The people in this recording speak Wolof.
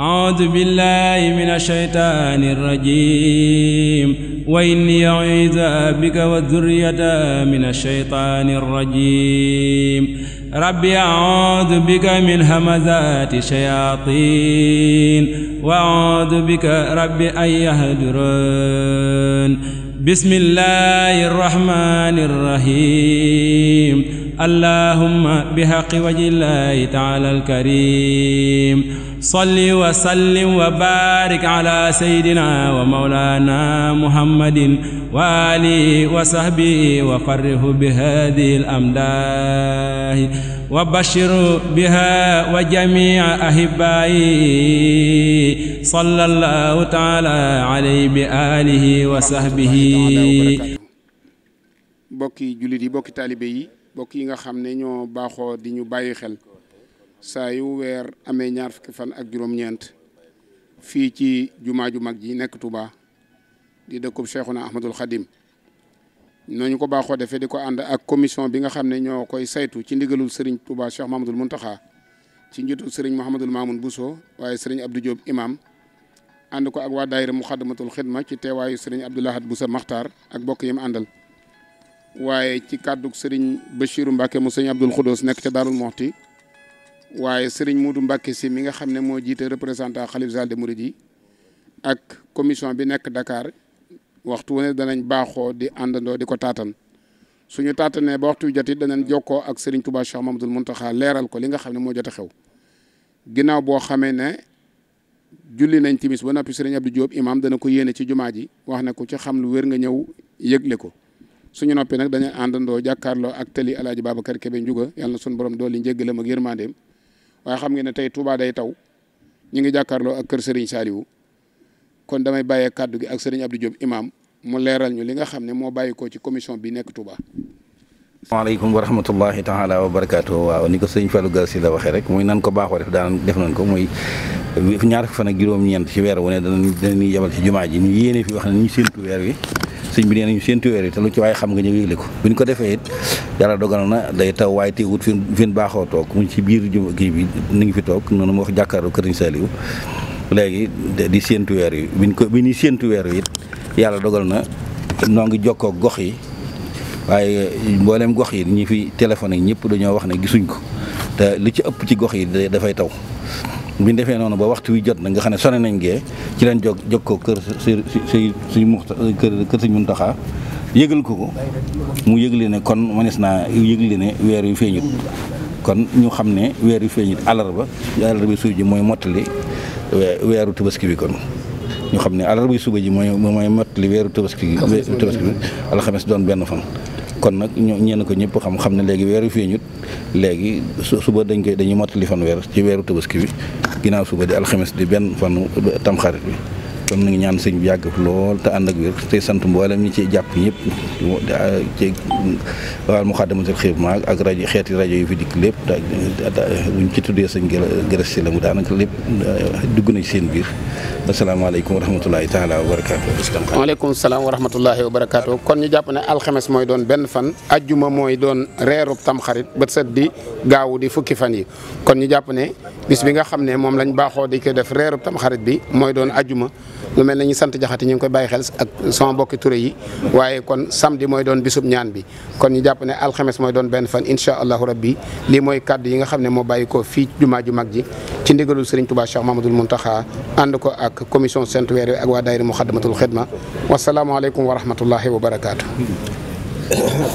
أعوذ بالله من الشيطان الرجيم وإني أعيذ بك والذرية من الشيطان الرجيم ربي أعوذ بك من همزات الشياطين وأعوذ بك ربي أن يهدرون بسم الله الرحمن الرحيم اللهم بحق وجه الله تعالى الكريم صل وسلم وبارك على سيدنا ومولانا محمد وآله وصحبه وفره بهذه الأمداه وبشر بها وجميع أحبائي صلى الله تعالى عليه بآله وصحبه بوكي جلدي بوكي طالبي bokk yi nga xam ne ñoo baaxoo di ñu bàyyi xel saa yu weer amee ñaar fukki fan ak juróom-ñeent fii ci jumaa ju mag ji nekk tubaa di dëkkub Cheikhuna Ahmadul Khadim nooñu ko baaxoo defee di ko ànd ak commission bi nga xam ne ñoo koy saytu ci ndigalul Serigne Touba Cheikh Mahamadul Muntaxa ci njiitul Serigne Mouhamadul Mamoun Bousso waaye sëriñ Abdou Diop imam ànd ko ak waa daayira Muxaddamatul Xidma ci teewaayu sëriñ Serigne Abdoulahad Bousso Makhtar ak bokk yi mu àndal. waaye ci kàddug sëriñ Bachirou Mbacke mu sëñ Abdoul Khoudous nekk ca Darou Mokhti waaye sëriñ Moudou Mbacke si mi nga xam ne moo jiite représentant xalif général des mourides yi ak commission bi nekk Dakar waxtu wu ne danañ baaxoo di àndandoo di ko taatan suñu taatanee ba waxtu wi jot it danañ jokkoo ak sëriñ Touba Cheikh Mamadou Mountakha leeral ko li nga xam ne moo jot a xew ginnaaw boo xamee ne julli nañ timis ba noppi sëriñ Abdou Diop imam dana ko yéene ci jumaa ji wax ne ko ci xam lu wér nga ñëw yëgle ko. suñu noppi nag dañuy àndandoo jàkkaarloo ak tali alaaji Babacar Kébé Ndiouga yàlla na suñu borom dooli njéggalam ak yërmandeem waaye xam ngeen ne tey Touba day taw ñu ngi jàkkaarloo ak kër Serigne Saliou kon damay bàyyee kaddu gi ak Serigne Abdou Diop imam mu leeral ñu li nga xam ne moo bàyyi ko ci commission bi nekk Touba. asalaamaaleykum wa rahmatullahi taala wa barakaatu waaw ni ko sëñ Fallou Galsi la waxee rek mooy nan ko baaxoo def daan def nañ ko mooy ñaar fan ak juróom-ñeent weer wu ne danañ danañ yebal ci jumaa ji ñu yéene fi wax ne ñu séntu sëñ bi nee nañu weer yi te lu ci waaye xam nga ñëw yëgle ko bu ñu ko defee it yàlla dogal na day taw waaye te fi fi baaxoo toog mu ci biir kii bi ni ngi fi toog noonu ma wax jàkkaarloo Kër Saliou léegi di séntu weer yi bi ñu ko bi séntu weer yi yàlla dogal na noo ngi jokkoo gox yi waaye mboolem gox yi ñi fi téléphone yi ñëpp dañoo wax ne gisuñ ko te li ci ëpp ci gox yi dafay taw bi defee noonu ba waxtu wi jot na nga xam ne sone nañ gee ci leen jog jog ko kër si si si muxta kër kër si muntaxaa yëgal ko ko mu yëgle ne kon manis naa yëgle weer yu feeñut kon ñu xam ne weer yu feeñut alarba alarba suuf ji mooy mottali weeru tabaski bi kon ñu xam ne alarba suba ji mooy mooy mottali weeru tabaski bi tabaski bi alxames doon benn fan kon nag ñoo ñeen ko ñëpp xam xam ne léegi weer yu feeñut léegi suba dañ koy dañuy mottali fanweer ci weeru tabaski bi ginnaaw suba di alxames di benn fanu tamxarit bi kon na ngi ñaan sëñ bi yàgg lool te ànd ak wér te sant mboolem ñi ci jàpp ñëpp ci waa Moukhaddamatoul ak rajo xeeti rajo yu fi dikk lépp buñ ci tuddee sëñ Gërës si la mu daanaka lépp dugg na seen biir asalaamaaleykum wa rahmatulahi taala wa barakaatu waaleykum salaam kon ñu jàpp ne alxames mooy doon benn fan ajjuma mooy doon reerub tamxarit ba sët di gaawu di fukki fan yi kon ñu jàpp ne bis bi nga xam ne moom lañ baaxoo di ko def reerub tamxarit bi mooy doon ajjuma lu mel ne ñu sant jaxati ñu ngi koy bàyyi xel ak sama mbokki Touré yi waaye kon samedi mooy doon bisub ñaan bi kon ñu jàpp ne alxames mooy doon benn fan incha allahu rabbi lii mooy kàddu yi nga xam ne moo bàyyi ko fii jumaa ju mag ji ci ndigalul Serigne Touba Cheikh Mamadou Mountakha ànd ko ak commission Saint Weer ak waa daayira Muxaddamatul Xidma wasalaamualeykum wa rahmatullahi wa barakaatu.